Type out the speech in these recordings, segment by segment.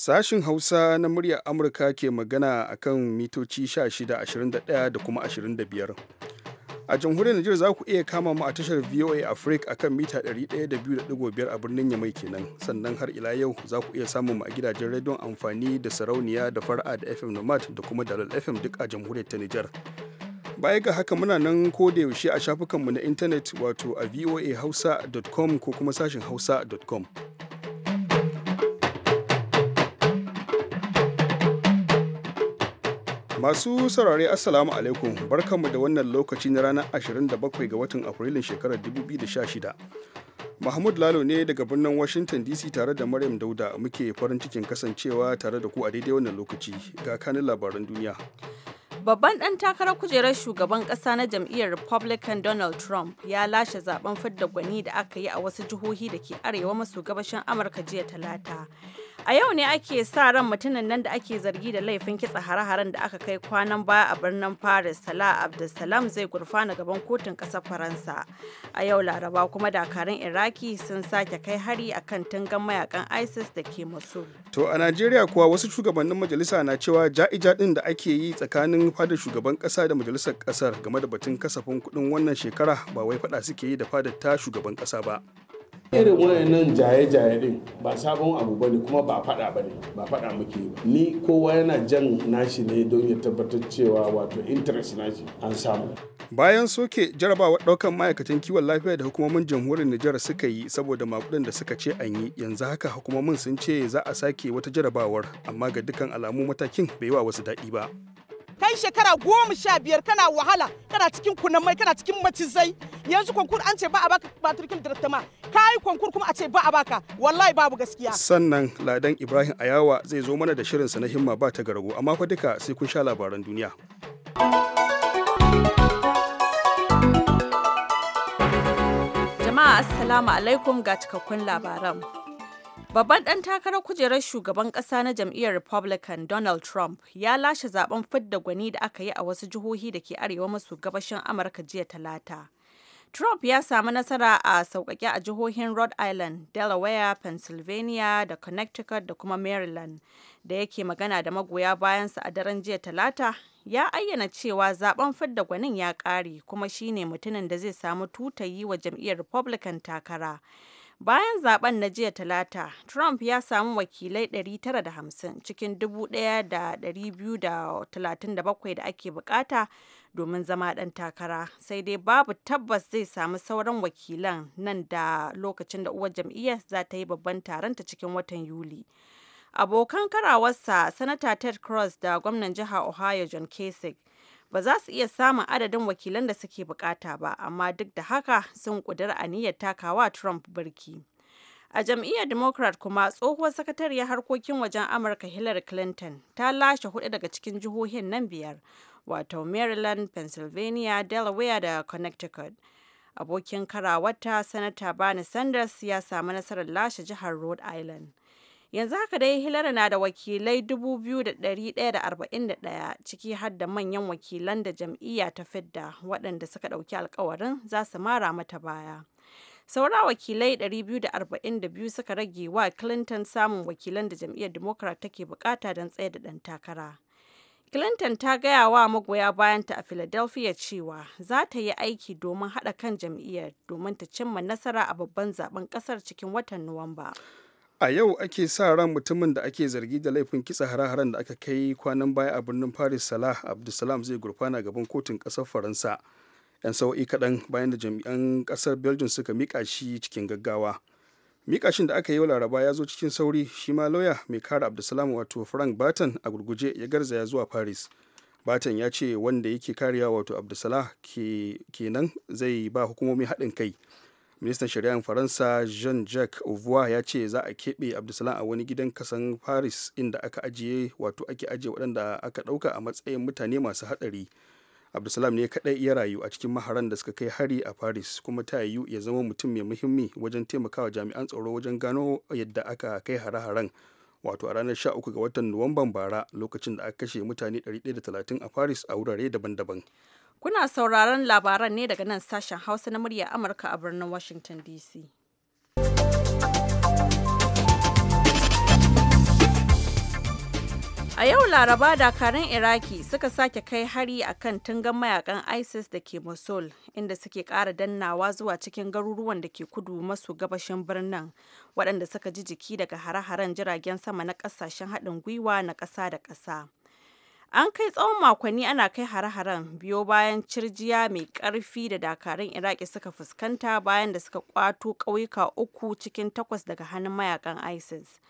Sashin Hausa na muryar Amurka ke magana a kan mitoci 16, 21 da kuma 25. A jamhuriyar Najeriya za ku iya kama mu a tashar VOA Africa a kan mita 102.5 a birnin Yamai kenan. Sannan har ila yau za ku iya samun mu a gidajen rediyon amfani da sarauniya da fara'a da FM Nomad da kuma Dalal FM duk a jamhuriyar ta Nijar. baya ga haka muna nan ko da yaushe a shafukanmu na intanet wato a voahausa.com ko kuma sashin hausa.com Masu saurare Assalamu alaikum barkanmu da wannan lokaci na ranar 27 ga watan Afrilun shekarar 2016. Mahmud Lalo ne daga birnin Washington DC tare da Maryam Dauda muke farin cikin kasancewa tare da ku a daidai wannan lokaci ga kanin labaran duniya. Babban ɗan takarar kujerar shugaban ƙasa na jam'iyyar Republican Donald Trump ya lashe zaben fidda gwani da aka yi a wasu jihohi da ke arewa maso gabashin Amurka jiya talata. A yau ne ake sa ran mutumin nan da ake zargi da laifin kitsa hare-haren da aka kai kwanan baya a birnin Paris, Salah Abdulsalam zai gurfana gaban kotun ƙasar Faransa. A yau Laraba kuma dakarun Iraki sun sake kai hari a kan tungan mayakan ISIS da ke Mosul. To a Najeriya kuwa wasu shugabannin majalisa na cewa ja'ija ɗin da ake yi tsakanin fadar shugaban ƙasa da majalisar ƙasar game da batun kasafin kuɗin wannan shekara ba wai faɗa suke yi da fadar ta shugaban ƙasa ba. irin wayannan jaye-jaye din ba sabon abu bane kuma ba fada ne ba fada muke ba ni kowa yana jan nashi ne don ya tabbatar cewa wato interest nashi an samu bayan soke jarabawa daukan ma'aikatan kiwon lafiya da hukumomin jamhuriyar Nijar suka yi saboda makudin da suka ce an yi yanzu haka hukumomin sun ce za a sake wata jarabawar amma ga dukkan alamu matakin bai wa wasu daɗi ba kai shekara goma sha biyar kana wahala kana cikin kunan mai kana cikin macizai yanzu konkur an ce ba a baka ba turkin ka yi konkur kuma a ce ba a baka wallahi babu gaskiya sannan ladan ibrahim ayawa zai zo mana da shirin sa na himma ba ta garago amma fa duka sai kun sha labaran duniya jama'a assalamu alaikum ga cikakkun labaran Babban ɗan takarar kujerar shugaban ƙasa na jam'iyyar Republican Donald Trump ya lashe zaben fidda gwani da aka yi a wasu jihohi da ke arewa maso gabashin Amurka jiya talata. Trump ya samu nasara a sauƙaƙe a jihohin Rhode Island, Delaware, Pennsylvania da Connecticut da kuma Maryland da yake magana da magoya bayansa a daren jiya talata ya ayyana cewa zaben fidda gwanin ya ƙare kuma shine mutumin da zai samu tutayi wa jam'iyyar Republican takara. Bayan zaben na jiya Talata, Trump ya samu wakilai 950 cikin 1,237 da ake bukata domin zama ɗan takara, sai dai babu tabbas zai samu sauran wakilan nan da lokacin da uwar jam'iyyar za ta yi babban taronta cikin watan Yuli. Abokan karawarsa, Sanata Ted cross da gwamnan jihar Ohio John Kasich ba za su iya samun adadin wakilan da suke bukata ba amma duk da haka sun kudura aniyar takawa trump birki a jam'iyyar democrat kuma tsohuwar sakatariyar harkokin wajen amurka hillary clinton ta lashe hudu daga cikin jihohin nan biyar wato maryland pennsylvania delaware da connecticut abokin karawata sanata bernie sanders ya samu nasarar lashe jihar rhode island Yanzu haka dai Hillary na da wakilai 2,141 ciki har da manyan wakilan da jam'iyya ta fidda waɗanda suka ɗauki alkawarin za su mara mata baya. Saura wakilai 242 suka rage wa Clinton samun wakilan da jam'iyyar Democrat take bukata don tsaye da ɗan takara. Clinton ta gaya wa magoya bayanta a Philadelphia cewa za ta yi aiki domin haɗa kan jam'iyyar domin ta cimma nasara a babban zaben ƙasar cikin watan Nuwamba. a yau ake sa ran mutumin da ake zargi da laifin kitsa hare-haren da aka kai kwanan baya a birnin paris salah abdulsalam zai gurfana gaban kotun kasar faransa 'yan sau'i kaɗan bayan da jami'an kasar belgium suka mika shi cikin gaggawa miƙashin da aka yi wa laraba ya zo cikin sauri shi ma lauya mai kare abdulsalam wato frank baton a gurguje ya garzaya zuwa paris baton ya ce wanda yake kariya wato abdulsalah kenan zai ba hukumomi haɗin kai ministan shari'ar faransa jean-jacques ovoa ya ce za a keɓe abdulsalam a wani gidan kasan paris inda aka ajiye wato ake ajiye waɗanda aka ɗauka a matsayin mutane masu haɗari abdulsalam ne kaɗai ya rayu a cikin maharan da suka kai hari a paris kuma ta yiwu ya zama mutum mai muhimmi wajen taimakawa jami'an tsaro wajen gano yadda aka kai hare-haren wato a ranar 13 ga watan nuwamban bara lokacin da aka kashe mutane 130 a paris a wurare daban-daban Kuna sauraron labaran ne daga nan sashen Hausa na murya Amurka a birnin Washington DC. A yau Laraba dakarun Iraki suka sake kai hari a kan tungan mayakan ISIS da ke Mosul, inda suke ƙara dannawa zuwa cikin garuruwan da ke kudu maso gabashin birnin, waɗanda suka ji jiki daga hare-haren jiragen sama na ƙasashen haɗin gwiwa na ƙasa da ƙasa. An kai tsawon makonni ana kai hare-haren biyo bayan cirjiya mai karfi da dakarun Iraki suka fuskanta bayan da suka kwato ƙauyuka uku cikin takwas daga hannun mayakan ISIS.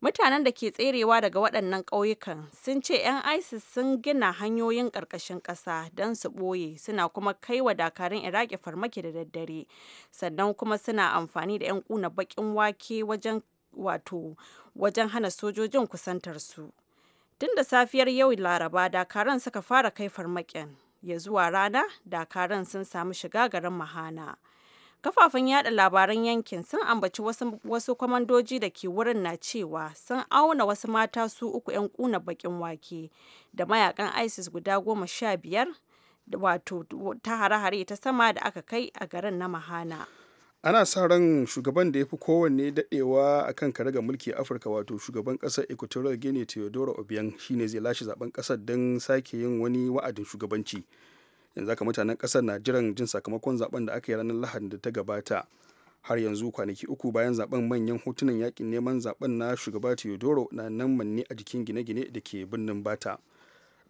Mutanen da ke tserewa daga waɗannan ƙauyukan sun ce 'yan ISIS sun gina hanyoyin ƙarƙashin ƙasa don su ɓoye suna kuma kai wa dakarun Iraki farmaki da daddare, sannan kuma suna amfani da 'yan ƙuna baƙin wake wajen wato wajen hana sojojin kusantar su. Tun da safiyar yau Laraba dakaran suka fara kai farmakin ya zuwa rana dakaran sun samu shiga garin Mahana. Kafafen yada labaran yankin sun ambaci wasu, wasu kwamandoji da ke wurin na cewa sun auna wasu mata su uku 'yan kuna bakin wake da mayakan ISIS guda goma sha biyar wato ta hare-hare ta sama da aka kai a garin na Mahana. ana sa ran shugaban da ya fi kowanne daɗewa a kan karaga mulki a afirka wato shugaban ƙasar equatorial guinea teodoro obiang shine zai lashe zaben ƙasar don sake yin wani wa'adin shugabanci yanzu haka mutanen ƙasar na jiran jin sakamakon zaben da aka yi ranar lahadin da ta gabata har yanzu kwanaki uku bayan zaben manyan hotunan yakin neman zaben na shugaba teodoro na nan manne a jikin gine-gine da ke birnin bata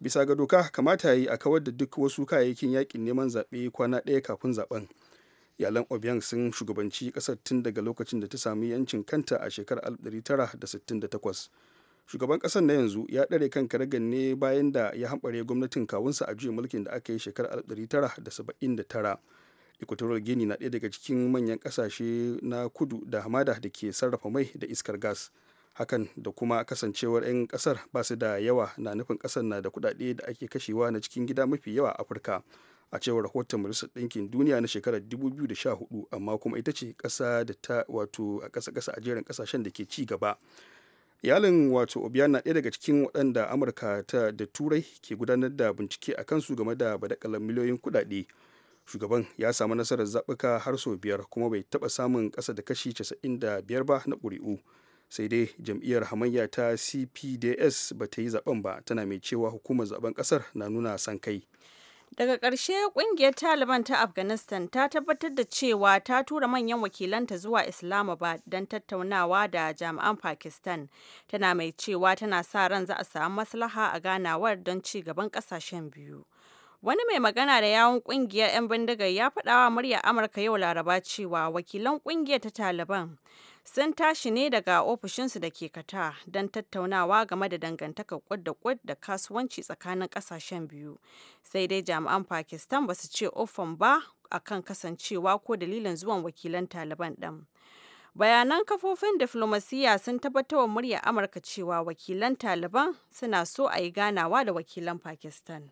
bisa ga doka kamata ya yi a kawar da duk wasu kayayyakin yakin neman zaɓe kwana ɗaya kafin zaben iyalan obiang sun shugabanci kasar tun daga lokacin da ta sami yancin kanta a shekarar 1968 shugaban kasar na yanzu ya dare kan karagan ne bayan da ya hambare gwamnatin kawunsa a juyin mulkin da aka yi shekarar 1979 equatorial guinea na ɗaya daga cikin manyan ƙasashe na kudu da hamada da ke sarrafa mai da iskar gas hakan da kuma kasancewar 'yan kasar ba su da yawa na nufin kasar na da kudade da ake kashewa na cikin gida mafi yawa a afirka a cewar rahoton majalisar ɗinkin duniya na shekarar 2014 amma kuma ita ce ƙasa da ta wato a ƙasa ƙasa a jerin ƙasashen da ke ci gaba iyalin wato obiana ɗaya daga cikin waɗanda amurka ta da turai ke gudanar da bincike a kansu game da badakalan miliyoyin kuɗaɗe shugaban ya samu nasarar zaɓuka har sau biyar kuma bai taɓa samun ƙasa da kashi casa'in da biyar ba na ƙuri'u sai dai jam'iyyar hamayya ta cpds ba ta yi zaɓen ba tana mai cewa hukumar zaɓen ƙasar na nuna san kai Daga ƙarshe ƙungiyar Taliban ta Afghanistan ta tabbatar da cewa ta tura manyan wakilanta zuwa Islamabad don tattaunawa da jami'an Pakistan. Tana mai cewa tana sa ran za a samu maslaha a ganawar don ci gaban ƙasashen biyu. Wani mai magana da yawun ƙungiyar 'yan bindigar ya faɗawa muryar Amurka yau Laraba cewa wakilan ƙungiyar ta Taliban sun tashi ne daga ofishinsu da ke kata don tattaunawa game da dangantakar kwadda da da kasuwanci tsakanin kasashen biyu sai dai jami'an pakistan ba su ce ofan ba akan kasancewa ko dalilin zuwan wakilan taliban ɗin bayanan kafofin diflomasiyya sun tabbatar wa muryar amurka cewa wakilan taliban suna so a yi ganawa da wakilan pakistan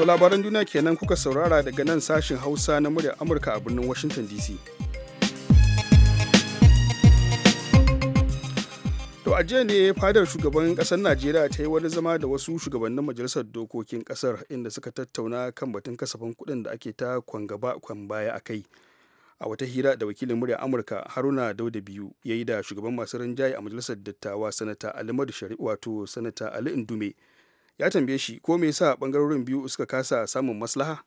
To labaran duniya kenan kuka saurara daga nan sashin Hausa na muryar Amurka a birnin Washington DC. To a jiya ne fadar shugaban kasar Najeriya ta yi wani zama da wasu shugabannin majalisar dokokin kasar inda suka tattauna kan batun kasafin kuɗin da ake ta kwangaba kwan baya a kai. A wata hira da wakilin murya Amurka Haruna Dauda biyu ya yi da shugaban masu rinjaye a majalisar dattawa sanata Ali Madu wato sanata Ali Indume. ya tambaye shi ko me yasa bangarorin biyu suka kasa samun maslaha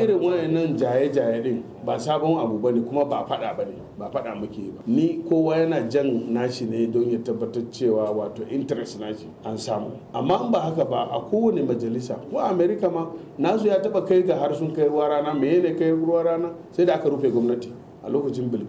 irin wayannan jaye-jaye din ba sabon abu ba ne kuma ba fada ba ne ba fada muke ba ni kowa yana jan nashi ne don ya tabbatar cewa wato interest nashi an samu amma ba haka ba a kowane majalisa ko america ma nasu ya taba kai ga har sun kai ruwa rana me ne kai ruwa rana sai da aka rufe gwamnati a lokacin bill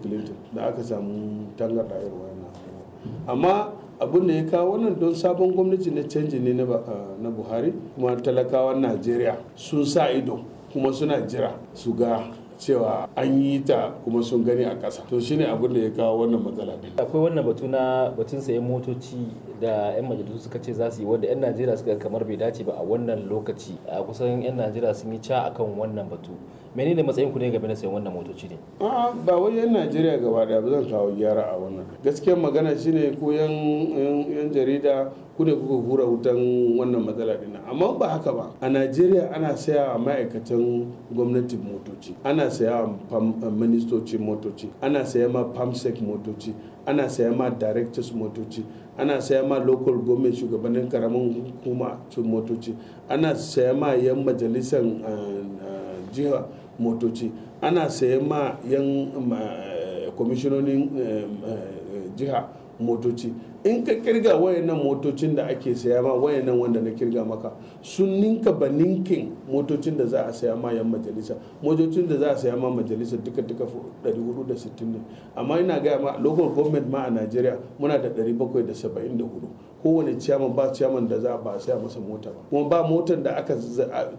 da aka samu tangarda irin wayannan amma abin da ya kawo wannan don sabon gwamnati na canji ne na buhari kuma talakawan najeriya sun sa ido kuma suna jira su ga cewa an yi ta kuma sun gani a ƙasa to shine abin da ya kawo wannan matsala din akwai wannan batu na batun sayan motoci da 'yan majalisu suka ce za su yi wanda 'yan najeriya suka kamar bai dace ba a wannan lokaci a kusan 'yan najeriya sun yi ca akan wannan batu menene matsayin ku ne game da sayan wannan motoci ne a'a ba wai yan Najeriya gaba daya ba zan kawo gyara a wannan gaskiyar magana shine ko yan jarida ku ne kuka hura wutan wannan matsala dina amma ba haka ba a Najeriya ana saya wa ma'aikatan gwamnati motoci ana saya wa ministoci motoci ana saya ma pamsec motoci ana saya ma directors motoci ana saya ma local government shugabannin karamin hukuma motoci ana saya ma yan majalisar eh, eh, jiha motoci ana sayan ma yan eh, kwamishinonin eh, eh, jiha motoci in ka kirga wayannan motocin da ake saya ma wayannan wanda na kirga maka sun ninka ba ninkin motocin da za a saya ma yan majalisa motocin da za a saya ma majalisa duka duka 460 ne amma ina gaya ma local government ma a Najeriya muna da 774 kowane ciyaman ba ciyaman da za a ba saya masa mota ba kuma ba motar da aka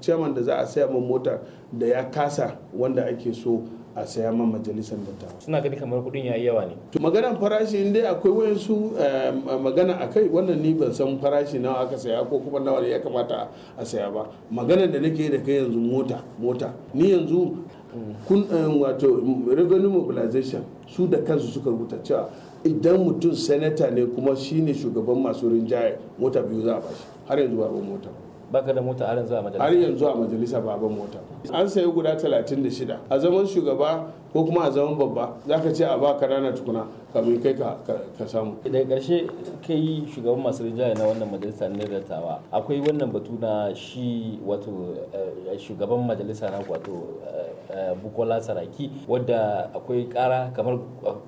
ciyaman da za a saya man mota da ya kasa wanda ake so a saya ma majalisar dattawa suna gani kamar kudin yayi yawa ne to maganan farashi in dai akwai su eh, magana akai wannan ni ban san farashi nawa aka saya ko kuma nawa ne ya kamata a saya ba maganar da nake da kai yanzu mota mota ni yanzu kun eh, wato revenue mobilization su da kansu suka rubuta cewa idan mutum senator ne kuma shine shugaban masu rinjaye mota biyu za a bashi har yanzu ba mota baka da mota har yanzu a majalisa har yanzu a majalisa ba ban mota an sayi guda 36 a zaman shugaba ko kuma a zaman babba zaka ce a baka rana tukuna kamin kai ka samu idan karshe kai shugaban masu rinjaye na wannan majalisa ne dattawa akwai wannan batu na shi wato eh, shugaban majalisa na wato eh, Eh, bukola saraki wadda akwai kara kamar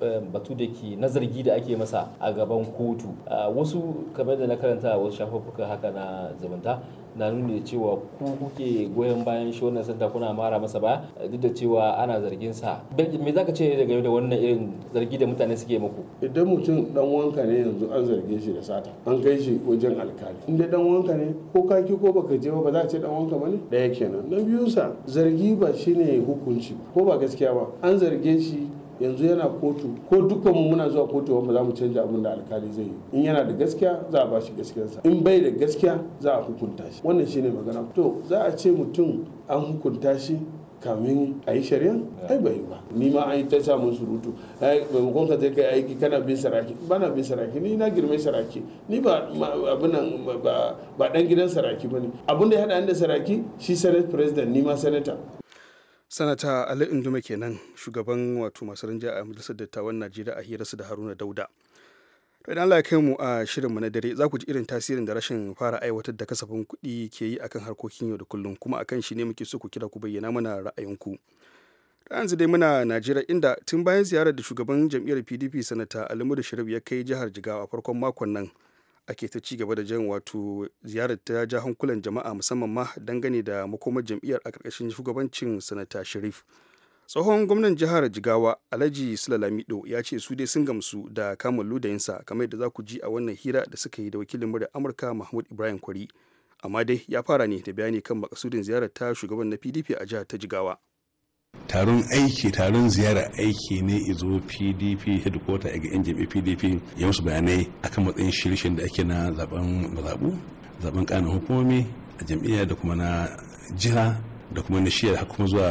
eh, batu da ke na da ake masa a gaban kotu eh, wasu kamar da na karanta wasu shafuffuka haka na zumunta na nuni da cewa ku kuke goyon bayan shi wannan santa kuna mara masa ba duk da cewa ana zargin sa me zaka ce daga da wannan irin zargi da mutane suke muku idan mutum dan wanka ne yanzu an zarge shi da sata an kai shi wajen alkali inda dan wanka ne ko ka ki ko baka je ba ba za a ce dan wanka bane yake kenan na biyu sa zargi ba shine hukunci ko ba gaskiya ba an zarge shi yanzu yana kotu ko dukkanmu muna zuwa kotu wanda za mu canja abin da alkali zai yi in yana da gaskiya za a bashi gaskiyarsa in bai da gaskiya za a hukunta shi wannan shine magana to za a ce mutum an hukunta shi kamin a yi shari'a ai bai ba ni ma an yi ta samun surutu ai maimakon ka zai kai aiki kana bin saraki ba na bin saraki ni na girme saraki ni ba abin nan ba dan gidan saraki ba ne abin da ya haɗa da saraki shi senate president ni ma senator sanata ali induma kenan shugaban wato masu rinja a majalisar dattawan najeriya a hirarsu da haruna dauda to idan allah ya kai mu a shirinmu na dare za ku ji irin tasirin da rashin fara aiwatar da kasafin kuɗi ke yi akan harkokin yau da kullum kuma akan shi ne muke so ku kira ku bayyana mana ra'ayinku yanzu dai muna najeriya inda tun bayan ziyarar da shugaban jam'iyyar pdp sanata alimudu shirif ya kai jihar jigawa farkon makon nan ake ta ci gaba da jan wato ziyarar ta ja hankulan jama'a musamman ma dangane da makomar jam'iyyar a ƙarƙashin shugabancin sanata sharif tsohon gwamnan jihar jigawa alhaji sulalamido ya ce su dai sun gamsu da kamun ludayinsa kamar yadda za ku ji a wannan hira da suka yi da wakilin murya amurka mahmud ibrahim kwari amma dai ya fara ne da bayani kan makasudin ziyarar ta shugaban na pdp a jihar ta jigawa taron aiki taron ziyara aiki ne izo pdp headquarter ga yan jami'in pdp ya musu bayanai akan matsayin shirishin da ake na zaben mazabu zaben kanin hukumomi a jam'iyya da kuma na jiha da kuma na shiyar har kuma zuwa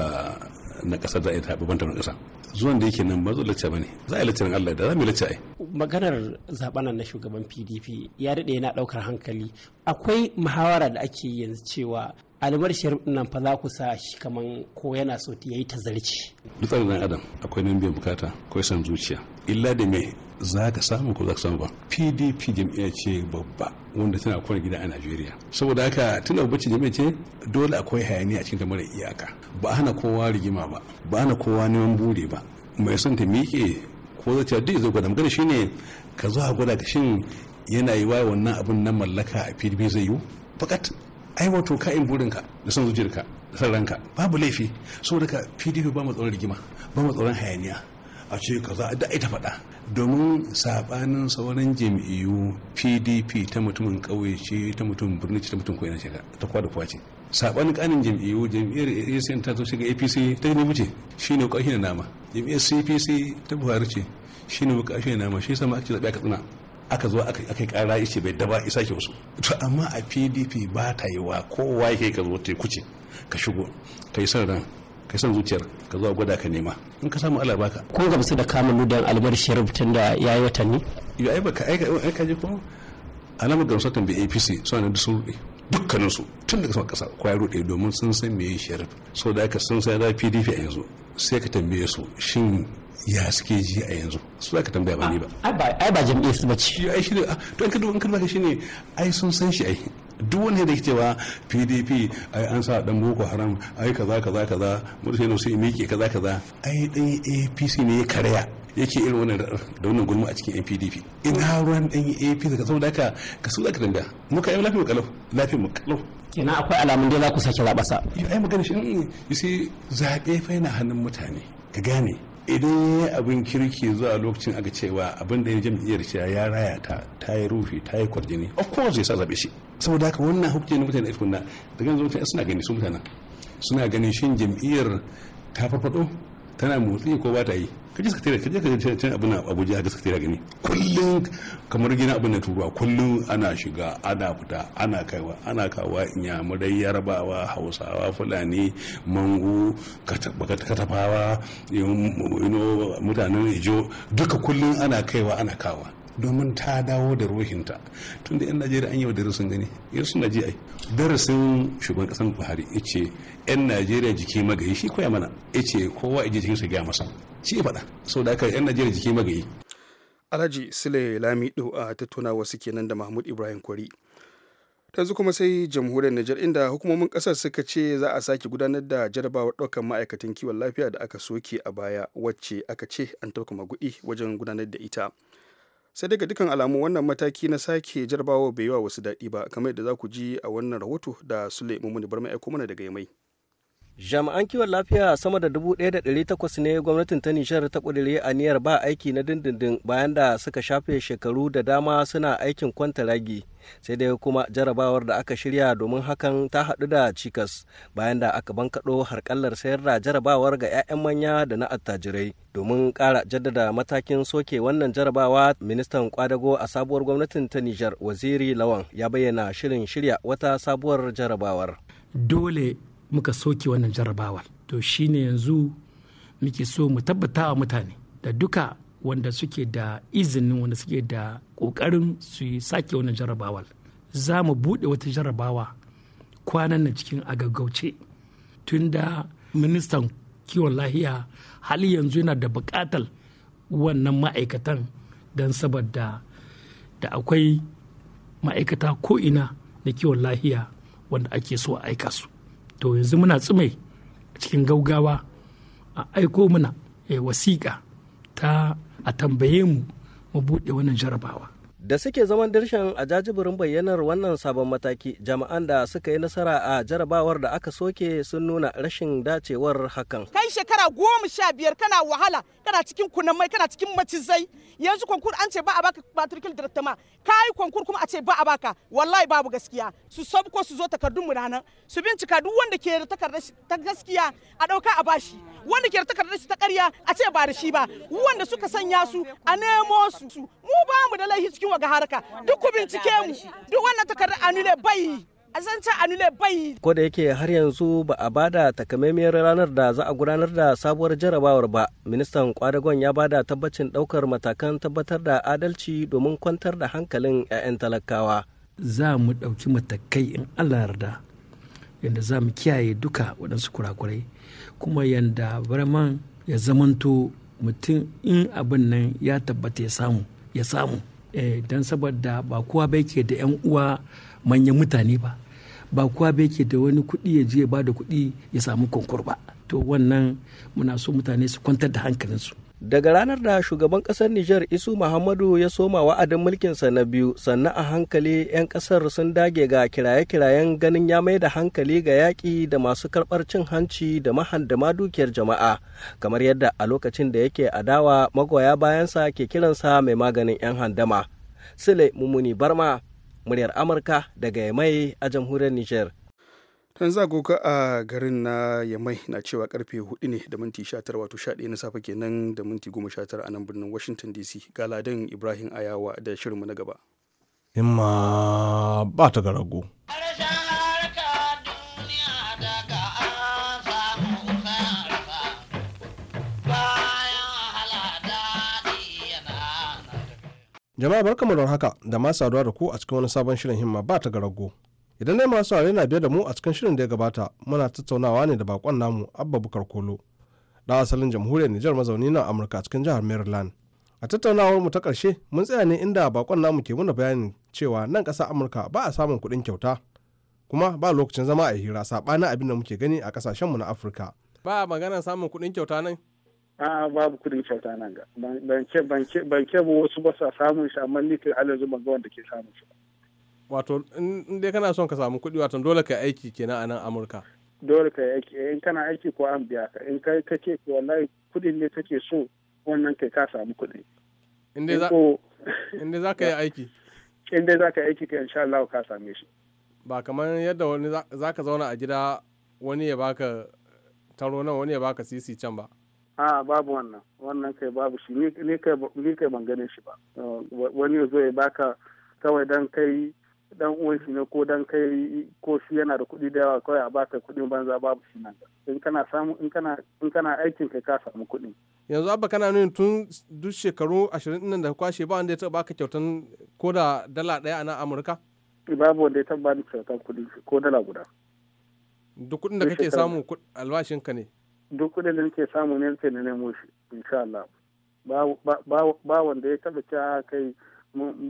na kasar da ita babban taron kasa zuwan da yake nan ba lacce lacca bane za a yi lacca Allah da za mu yi lacca ai maganar zaben na shugaban PDP ya daɗe yana ɗaukar hankali akwai muhawara da ake yanzu cewa alimar nan fa za ku sa shi kaman ko yana so ta yi tazarci. Dutsen dan adam akwai nan biyan bukata akwai san zuciya illa da me za ka samu ko za ka samu ba pdp jam'iyya ce babba wanda tana kwana gida a najeriya saboda haka tana bacci jam'iyya ce dole akwai hayaniya a cikin ta mara iyaka ba hana kowa rigima ba ba hana kowa neman buri ba mai son ta miƙe ko za ta duk zo gwada magana shine ka zo gwada ka shin yana yi wa wannan abin na mallaka a pdp zai yiwu fakat aiwato in burinka da son zuciyarka da son ranka babu laifi saboda ka pdp ba mu tsoron rigima ba mu tsoron hayaniya a ce ka za da ita faɗa domin saɓanin sauran jam'iyyu pdp ta mutumin ƙauye ce ta mutum birni ce ta mutum ko'ina ce ta kwa da kwa ce saɓanin ƙanin jam'iyyu jam'iyyar asn ta zo shiga apc ta yi nemuce shi ne ƙarfi na nama jam'iyyar cpc ta buhari ce shi ne ƙarfi na nama shi sama ake zaɓe a katsina aka zo aka kai kara ishe bai daba isa ke wasu to amma a pdp ba ta yi wa kowa yake ka zo ta kuce ka shigo ka yi son ran ka san zuciyar ka zo gwada ka nema in ka samu Allah baka ko gamsu da kama nudan albar sharif tun da ya yi watanni ya ai baka yi aika ji ko alamar gamsu kan bi APC suna da sun dukkanin su tun daga sama kasa kwaya rude domin sun san me yi sharif so da aka sun sai da PDP a yanzu sai ka tambaye su shin ya suke ji a yanzu su aka tambaya ba ba ai ba jam'iyyar su bace ai shi ne ah, to an kada an shi shine ai sun san shi ai duk wanda da cewa PDP ai an sa dan boko haram ai kaza kaza kaza mutane su miƙe kaza kaza ai dan APC ne ya karya yake irin wannan da wannan gulma a cikin NPDP ina ruwan dan APC ka saboda haka ka su zaka tambaya mu ka yi lafiya mu kalau lafiya mu kalau kenan akwai alamun da za ku sake zaɓa sa ai magana shi ne mm, you see zaɓe fa yana hannun mutane ka gane idan ya abin kirki zuwa lokacin aka cewa abin da ya jam'iyyar shi ya raya ta ta yi rufi ta yi kwarjini of course ya sa zaɓe shi saboda haka wannan hukunci na mutane da daga yanzu mutane suna gani su mutanen suna ganin shin jam'iyyar ta farfado tana motsi ko ba ta yi ka ji sakatare ka je ka can abin abuja ka sakatare gani kullum kamar gina abin na turuwa kullum ana shiga ana fita ana kaiwa ana kawa murai yarbawa hausawa fulani mangu katafawa mutanen ijo duka kullum ana kaiwa ana kawa domin ta dawo da ruhinta tun da 'yan najeriya an yi wa darasin gani yau suna ji ai darasin shugaban kasar buhari ya ce 'yan najeriya jiki magayi shi koya mana ya ce kowa ya ji su gaya masa ce faɗa sau da aka 'yan najeriya jiki magayi alhaji sule lamido a tattauna wasu kenan da mahmud ibrahim kwari yanzu kuma sai jamhuriyar Nijar inda hukumomin kasar suka ce za a sake gudanar da jarabawar ɗaukar ma'aikatan kiwon lafiya da aka soke a baya wacce aka ce an tauka magudi wajen gudanar da ita sai daga dukkan alamu wannan mataki na sake jarabawa bai yi wa wasu daɗi ba kamar yadda za ku ji a wannan rahoto da sule mummuni bar mai aiko mana daga yamai jami'an kiwon lafiya sama da 1,800 ne gwamnatin ta nishar ta a niyar ba aiki na dindindin bayan da suka shafe shekaru da dama suna aikin kwanta ragi sai dai kuma jarabawar da aka shirya domin hakan ta haɗu da cikas bayan da aka bankaɗo harkallar sayar da jarabawar ga 'ya'yan manya da na attajirai domin ƙara jaddada matakin soke wannan jarabawa ministan kwadago a sabuwar gwamnatin ta nijar waziri lawan ya bayyana shirin shirya wata sabuwar jarabawar dole muka soke wannan jarabawar to shine yanzu muke so mu tabbata wa mutane da duka wanda suke da izinin wanda suke da ƙoƙarin su yi sake wannan jarabawar za mu buɗe wata jarabawa kwanan nan cikin agaggauce tunda ministan kiwon lahiya hali yanzu yana da buƙatar wannan ma'aikatan don saboda da akwai ma'aikata ko'ina na kiwon lahiya wanda ake so a aika su to yanzu muna tsumai cikin gaugawa a aiko muna eh, wasiƙa ta a tambaye mu mu buɗe wannan jarabawa da suke zaman dirshan a jajibirin bayyanar wannan sabon mataki jama'an da suka yi nasara a jarabawar da aka soke sun nuna rashin dacewar hakan kai shekara goma sha biyar kana wahala kana cikin kunan mai kana cikin macizai yanzu konkur an ce ba a baka matrikil dattama kai konkur kuma a ce ba a baka wallahi babu gaskiya su sabu ko su zo takardun mu nan su bincika duk wanda ke da takardar ta gaskiya a dauka a bashi wanda ke da takardar ta ƙarya a ce ba da shi ba wanda suka sanya su a nemo su mu ba mu da laifi cikin waga haraka duk ku bincike mu duk wannan takardar anule bai a zance anule bai ko da yake har yanzu ba a bada takamaimiyar ranar da za a gudanar da sabuwar jarabawar ba ministan kwadagon ya bada tabbacin daukar matakan tabbatar da adalci domin kwantar da hankalin 'ya'yan talakawa za mu ɗauki matakai in allah yarda yadda za mu kiyaye duka waɗansu kurakurai kuma yadda barman ya zamanto mutum in abin nan ya tabbata ya samu ya samu eh, don saboda ba kowa bai ke da 'yan uwa manyan mutane ba ba kowa bai ke da wani kuɗi ya je ba da kuɗi ya samu konkur ba to wannan muna so mutane su kwantar da hankalinsu daga ranar da shugaban ƙasar Nijar Isu Muhammadu ya soma wa'adin mulkinsa na biyu sannan a hankali 'yan ƙasar sun dage ga kiraye-kirayen ganin ya mai da hankali ga yaƙi da masu karɓar cin hanci da mahandama dukiyar jama'a kamar yadda a lokacin da yake adawa magoya bayansa ke kiransa mai maganin 'yan handama. Sule Mumuni Barma muryar amurka daga yamai a jamhuriyar niger tan zagoga a garin na yamai na cewa karfe 4 ne da minti 19 wato 11 na safe kenan da minti 19 a nan birnin washington dc ga ladan ibrahim ayawa da shirinmu na gaba imma ba ta garago jama'a barkamu don haka da ma saduwa da ku a cikin wani sabon shirin himma ba ta garago idan dai masu saurare na biye da mu a cikin shirin da ya gabata muna tattaunawa ne da bakon namu abba bukar kolo da asalin jamhuriyar nijar mazauni na amurka a cikin jihar maryland a tattaunawar mu ta karshe mun tsaya ne inda bakon namu ke muna bayanin cewa nan ƙasa amurka ba a samun kuɗin kyauta kuma ba lokacin zama a hira saɓanin abin da muke gani a ƙasashenmu na afirka ba maganar samun kuɗin kyauta nan a babu kudin kyauta nan ga ban ke wasu ba sa samun shi amma ni kai ala zuba ga wanda ke samun shi wato in dai kana son ka samu kuɗi wato dole ka aiki kenan a nan amurka dole ka aiki eh, in kana aiki ko an biya ka in kai kake ke wallahi kudin ne kake so wannan kai ka samu kuɗi in dai za ka yi aiki in dai za ka yi aiki ka insha Allah ka same shi ba kamar yadda wani za ka zauna a gida wani ya baka taro nan wani ya baka sisi can ba a babu wannan wannan kai babu shi ni kai ban ganin shi ba wani zo ya baka kawai dan kai dan uwan shi ne ko dan kai ko shi yana da kuɗi da yawa kawai a baka kuɗin banza babu shi nan in kana samu in kana in kana aikin kai ka samu kuɗi yanzu abba kana nuna tun duk shekaru ashirin ɗin da kwashe ba wanda ya taɓa baka kyautan ko da dala ɗaya a nan amurka babu wanda ya taɓa bani kyautan kuɗi ko dala guda duk kuɗin da kake samu albashinka ne duk kudin da nake samu ne na nemo shi insha Allah ba wanda ya taba cewa kai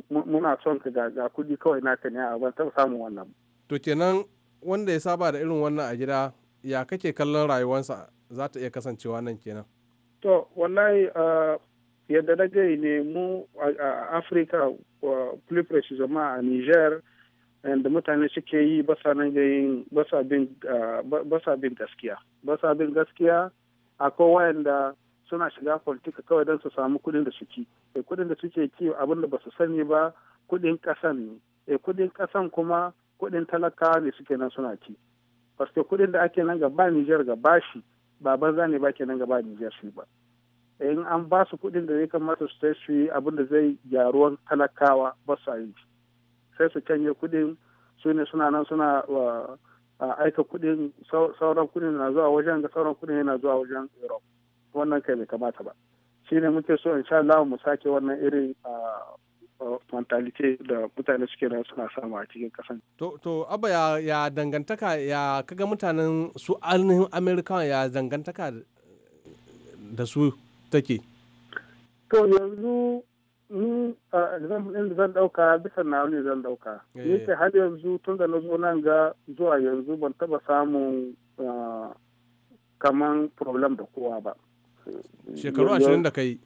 muna son ka ga kudi kawai na naka ne a ban taba samun wannan to kenan wanda ya saba da irin wannan a gida ya kake kallon rayuwarsa za ta iya kasancewa nan kenan to wallahi yadda na ne mu a afirka plus jama'a a niger da mutane suke yi basa bin gaskiya basa bin gaskiya akwai wayanda suna shiga politika kawai don su samu kudin da suke e eh, kudin da suke ki abin da ba su sani ba kudin kasan ne e eh, kudin kasan kuma kudin talakawa ne suke nan suna ki paske kudin da ake nan gaba Nijar ga bashi ba banza ne ba kenan gaba Nijar shi ba eh, in an ba su kudin da zai kamata su su yi abin da zai gyaruwan talakawa ba su yi sai su canye kuɗin su ne suna nan suna aika kuɗin sauran kuɗin na zuwa wajen ga sauran kuɗin yana zuwa wajen europe wannan kai bai kamata ba shi ne muke so in sha Allah mu sake wannan irin mentality da mutane suke nan suna samu a cikin kasan. To, abba ya, dangantaka ya kaga mutanen su ainihin Amerikawa ya dangantaka da su take? To yanzu ni zan ɗauka bisa na ne zan ɗauka ni eh. ce har yanzu tun da na zo nan ga zuwa yanzu ban taɓa samun kaman problem da kowa ba shekaru ashirin da kai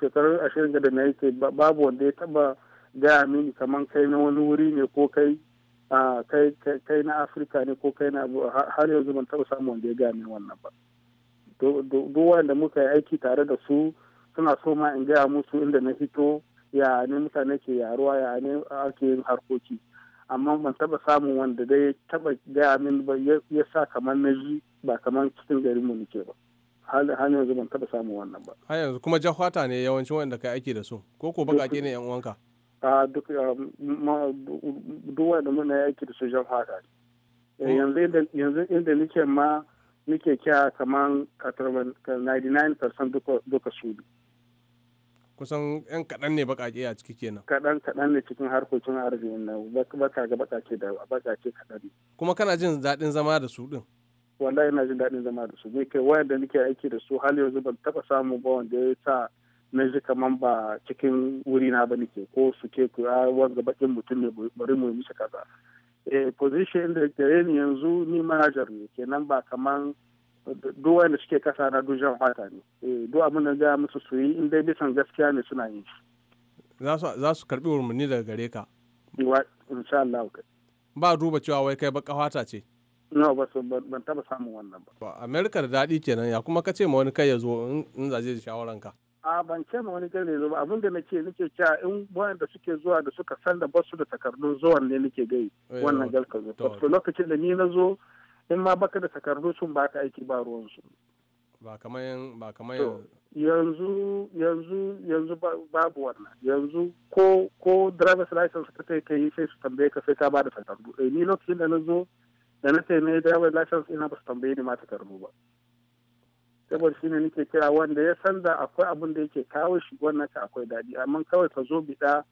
shekaru ashirin da na yake babu wanda ya taɓa gaya mini kaman kai na wani wuri ne ko kai kai na afirka ne ko kai na har yanzu ban taɓa samun wanda ya gaya mini wannan ba duk wanda muka yi aiki tare da su suna so ma in gaya musu inda na fito ya ne mutane ke yaruwa ya ne ake yin harkoki amma ban taba samun wanda dai taba gaya min ba ya sa kamar na ji ba kamar cikin garin mu nake ba hali yanzu ban taba samun wannan ba har yanzu kuma jahwata ne yawancin wanda kai ake da su ko ko bakake ne yan uwanka a duk duk wanda muna yaki da su jahwata ne eh, yanzu inda nake ma nake kya kamar 99% duka su kusan yan kaɗan ne baƙaƙe a ciki kenan kaɗan kaɗan ne cikin harkokin arzikin na baka ga baƙaƙe da baƙaƙe kaɗan kuma kana jin daɗin zama da su ɗin wallahi ina jin daɗin zama da su zai kai wayar da nake aiki da su hal yanzu ban taɓa samu ba wanda ya sa na ji kaman ba cikin wuri na ba nake ko su ke ku a ah, wanga bakin mutum ne bari mu yi kaza eh position da ke yanzu ni manager ne kenan ba kaman duk wanda suke kasa na dujan fata ne eh, duk abin da gaya musu su yi in dai bisan gaskiya ne suna yi za su karbi umarni daga gare ka insha Allah ba duba cewa wai kai baka fata ce no ba su ban taba samun wannan ba America da daɗi kenan ya kuma ka ce ma wani kai ya zo in zaje da shawaran ka a ban ce ma wani kai ne ba abin da nake nake cewa in da suke zuwa da suka san da basu da takardun zuwan ne nake gai eh, wannan galka zo lokacin da ni na zo in ma baka da takardu sun baka aiki ba ruwansu ba kamar ba kamar yanzu yanzu yanzu babu wannan yanzu ko ko driver's license ka kai yi sai su tambaye ka sai ka da takardu eh ni lokacin da na zo da na sai ne driver's license ina ba su tambaye ni ma takardu ba saboda shine nake kira wanda ya san da akwai abin da yake kawo shi wannan ka akwai dadi amma kawai ka zo bida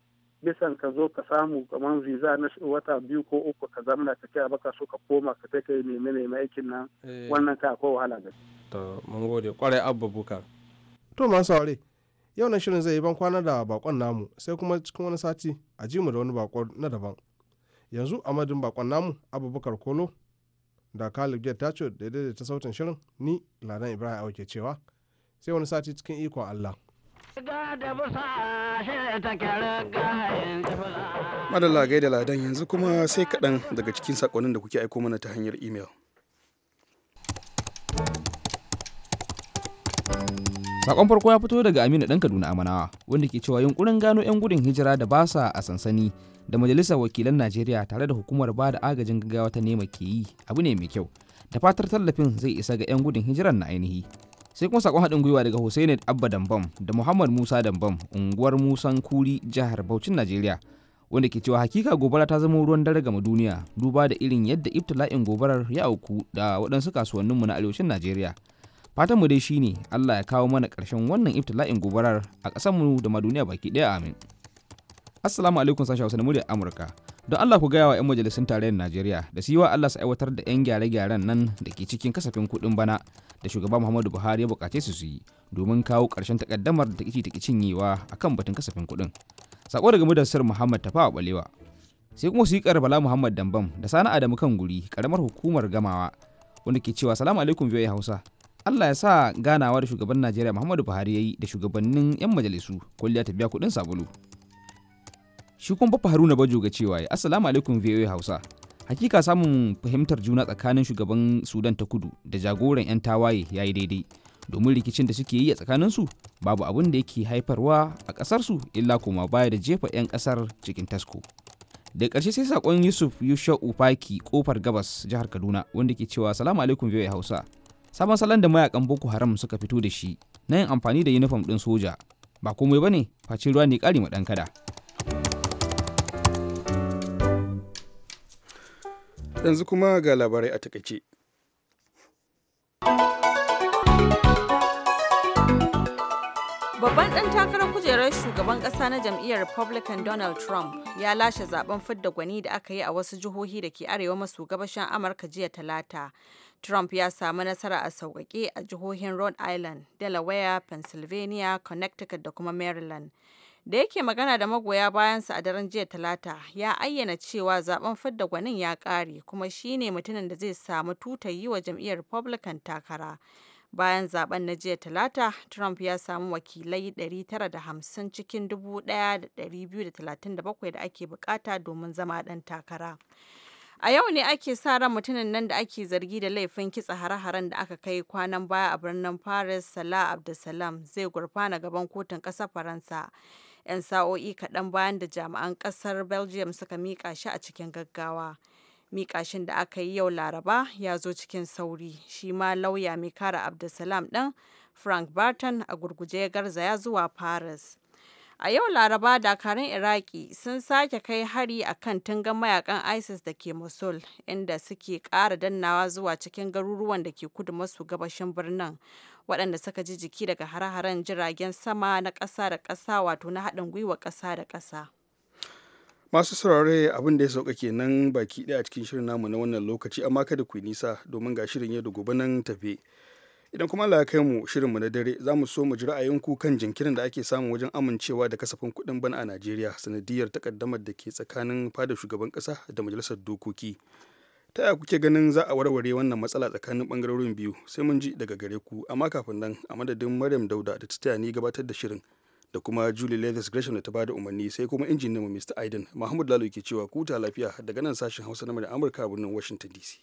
bisan ka zo ka samu kamar visa na wata biyu ko uku ka zamana ka kira baka so ka koma ka take yi neme neme aikin nan eh. wannan ka akwai wahala ga to mun gode kwarai abba buka to ma saurare yau na shirin zai yi ban kwana da bakon namu sai kuma cikin wani sati a ji mu da wani bakon na daban yanzu a madin bakon namu abubakar kolo da kalib jet tacho da daidaita sautin shirin ni ladan ibrahim auke cewa sai wani sati cikin ikon allah Madalla gaida ladan yanzu kuma sai kaɗan daga cikin sakonin da kuke aiko mana ta hanyar imel. Sakon farko ya fito daga Aminu dan Kaduna Amanawa wanda ke cewa yunkurin gano 'yan gudun hijira da ba sa a sansani da Majalisar Wakilan Najeriya tare da hukumar ba da agajin gaggawa ta nema ke yi abu ne mai kyau da fatar tallafin zai isa ga 'yan gudun hijirar na ainihi. sai kuma sakon haɗin gwiwa daga Hussein Abba Dambam da Muhammad Musa Dambam unguwar Musan Kuri jihar Bauchin Najeriya wanda ke cewa hakika gobara ta zama ruwan dare gama duniya duba da irin yadda ibtila'in gobarar ya auku da waɗansu kasuwanninmu na arewacin Najeriya fatan mu dai shine Allah ya kawo mana ƙarshen wannan ibtila'in gobarar a ƙasarmu da ma duniya baki ɗaya amin Assalamu alaikum sashen Hausa na muryar Amurka. Don Allah ku gaya wa 'yan majalisun tarayyar Najeriya da su yi wa Allah su aiwatar da 'yan gyare-gyaren nan da ke cikin kasafin kuɗin bana da shugaba Muhammadu Buhari ya bukace su su yi domin kawo ƙarshen takaddamar da take take cinyewa kan batun kasafin kuɗin. Sako daga mudassir Muhammad Tafawa Balewa. Sai kuma su yi Bala Muhammad Dambam da Sani Adamu kan guri ƙaramar hukumar gamawa wanda ke cewa salamu alaikum biyoyi Hausa. Allah ya sa ganawa da shugaban Najeriya Muhammadu Buhari ya yi da shugabannin 'yan majalisu kwalliya ta biya kuɗin sabulu. shi kuma bafa haruna bajo ga cewa ya assalamu alaikum voa hausa hakika samun fahimtar juna tsakanin shugaban sudan ta kudu da jagoran 'yan tawaye ya yi daidai domin rikicin da suke yi a tsakaninsu babu abin da yake haifarwa a ƙasarsu illa koma baya da jefa 'yan ƙasar cikin tasko da ƙarshe sai saƙon yusuf yusha ufaki ƙofar gabas jihar kaduna wanda ke cewa Assalamu alaikum voa hausa sabon salon da mayakan boko haram suka fito da shi na yin amfani da yunifom ɗin soja ba komai ba ne face ruwa ne ƙari ma ɗan kada yanzu kuma ga labarai a takaice Babban ɗan takarar kujerar shugaban ƙasa na jam'iyyar Republican Donald Trump ya lashe zaben fidda gwani da aka yi a wasu jihohi da ke arewa maso gabashin Amurka jiya Talata. Trump ya samu nasara a sauƙaƙe a jihohin Rhode Island, Delaware, Pennsylvania, Connecticut da kuma Maryland. da yake magana da magoya bayansa a daren jiya talata ya ayyana cewa zaben fidda gwanin ya kare kuma shine mutumin da zai samu tutar yi wa jam'iyyar republican takara bayan zaben na jiya talata trump ya samu wakilai 950 cikin 1237 da ake bukata domin zama dan takara A yau ne ake sa ran mutumin nan da ake zargi da laifin kitsa hare-haren da aka kai kwanan baya a birnin Paris, Salah Abdulsalam zai gurfana gaban kotun ƙasar Faransa 'yan sa'o'i kaɗan bayan da jami'an ƙasar belgium suka miƙa shi a cikin gaggawa miƙa da aka yi yau laraba ya zo cikin sauri shi ma lauya mai kare abdulsalam ɗin frank barton a gurguje ya garzaya zuwa paris A yau Laraba dakarun Iraki sun sake kai hari a kan tangan mayakan ISIS da ke Mosul, inda suke ƙara dannawa zuwa cikin garuruwan da ke kudu masu gabashin birnin, waɗanda suka ji jiki daga hare-haren jiragen sama na ƙasa da ƙasa wato na haɗin gwiwa ƙasa da ƙasa. Masu saurare abin da ya sauka kenan baki ɗaya a cikin shirin namu na wannan lokaci, amma kada ku nisa domin ga shirin yadda gobe nan tafe. idan kuma Allah ya kai mu shirinmu na dare za mu so mu ji ra'ayinku kan jinkirin da ake samu wajen amincewa da kasafin kuɗin bana a Najeriya sanadiyar takaddamar da ke tsakanin fada shugaban kasa da majalisar dokoki. Ta yaya kuke ganin za a warware wannan matsala tsakanin ɓangarorin biyu sai mun ji daga gare ku amma kafin nan a madadin Maryam Dauda da ta ni gabatar da shirin da kuma Julie Leathers Gresham da ta bada umarni sai kuma injin mu Mr. Aiden Mahmud Lalo ke cewa kuta lafiya daga nan sashen Hausa na Amurka birnin Washington DC.